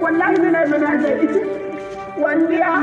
wallahi mai mai mai ita wanda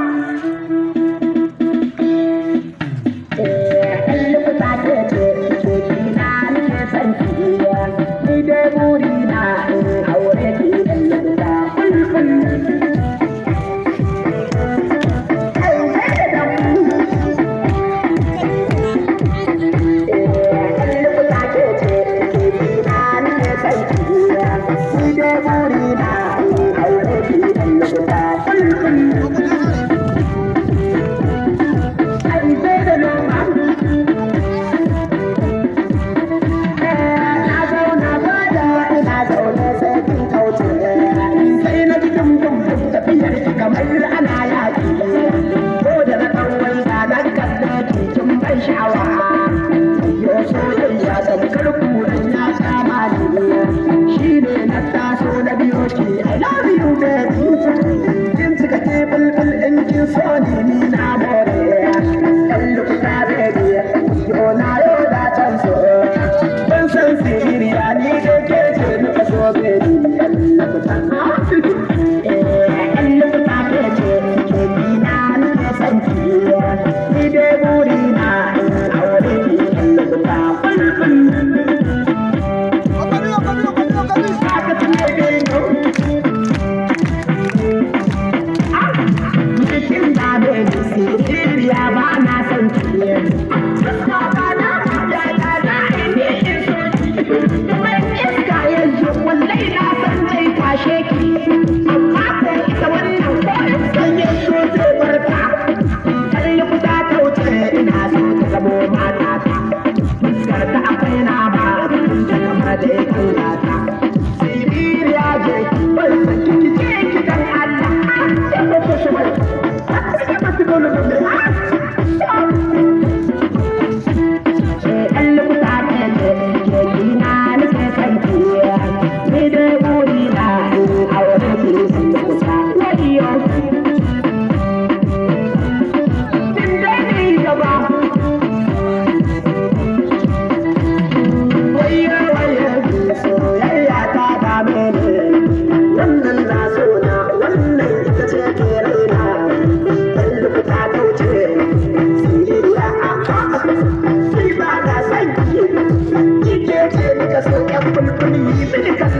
yanzu ana yaƙi ko da na ɗan wanda na kalle cikin ban sha'awa a soyayya tamkar kuran ya kama ni shi ne na taso na biyo ke I love you baby kin cika ke bulbul in kin so ni ni ɗan lokuta baby yo na yo da can so ban san siririya ni da ke ce na so baby tabo mata ta fuskar ta akwai na ba da kamar da Just look out from the